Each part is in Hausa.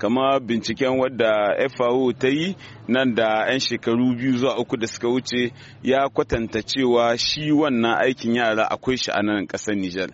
kama binciken wadda FAO ta yi nan da 'yan shekaru biyu zuwa uku da suka wuce ya kwatanta cewa shi wannan aikin yara akwai shi a nan ƙasar Nijar.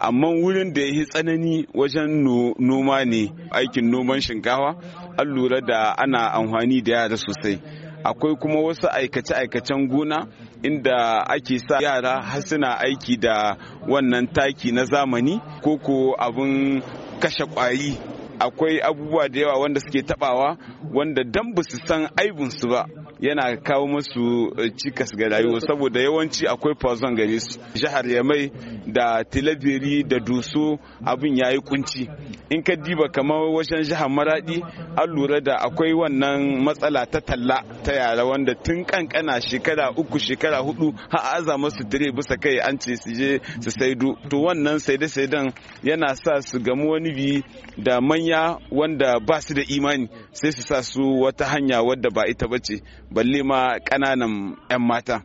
amma wurin da ya yi tsanani wajen noma ne aikin noman shinkawa an lura da ana amfani da yara sosai akwai kuma wasu aikace-aikacen gona inda ake sa yara har suna aiki da wannan taki na zamani ko ko abin kashe kwari akwai abubuwa da yawa wanda suke tabawa wanda dan ba su san aibinsu ba yana kawo musu eh, cikas ga rayuwa saboda yawanci akwai fazon gare su jihar yamai da tilabiri da dusu abin ya yi kunci in ka diba kamar wajen jihar maradi an lura da akwai wannan matsala ta talla ta yara wanda tun kankana shekara uku shekara hudu har aza masu dire bisa kai an ce su je su saidu to wannan saide saidan yana sa su gamu wani bi da manya wanda ba su da imani sai su sa su wata hanya wadda ba ita bace balle ma ƙananan 'yan mata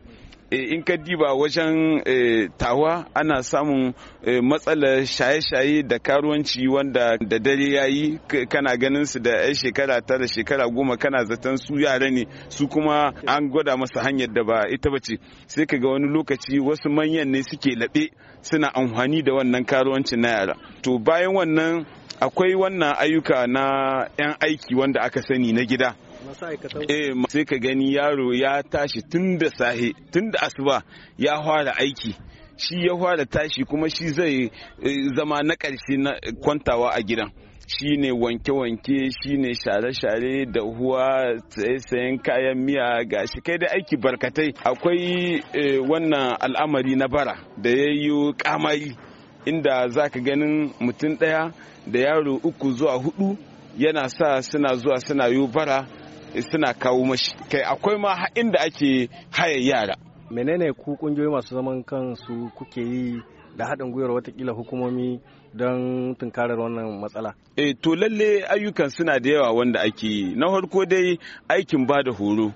eh, in ka diba wajen eh, tawa ana samun eh, matsala shaye-shaye da karuwanci wanda da dare ya yi kana ganin su da 'yan shekara tara shekara goma kana zaton su yara ne su kuma an gwada masa hanyar da ba ita bace sai ka ga wani lokaci wasu manyan ne suke laɓe suna amfani da wannan karuwanci na yara to bayan wannan akwai wannan ayyuka na 'yan aiki wanda aka sani na gida eh sai ka gani yaro ya tashi tun da sahe tun da asuba ya fara aiki shi ya fara tashi kuma shi zai eh, zama na ƙarshe na kwantawa a gidan shi ne wanke-wanke shi ne share-share da huwa sayen kayan miya ga shi kai da aiki barkatai akwai eh, wannan al'amari na bara da ya yi kamari inda za ka ganin mutum ɗaya da yaro uku zuwa hudu yana sa suna zuwa suna yi bara eh, suna kawo mashi kai akwai ma inda ake haya yara menene ku kungiyoyi masu zaman kansu kuke yi da haɗin gwiwar watakila hukumomi don tunkarar wannan matsala? E, to lalle ayyukan suna da yawa wanda ake yi. Na farko dai aikin ba da horo.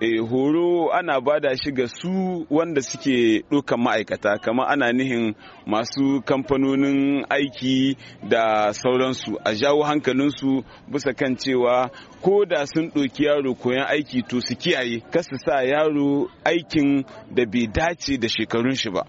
eh horo ana bada shi ga su wanda suke ɗaukan ma'aikata kama ana nihin masu kamfanonin aiki da sauransu a jawo hankalinsu bisa kan cewa ko da sun ɗauki yaro koyan aiki to su kiyaye kasu sa yaro aikin da bai dace da shekarun shi ba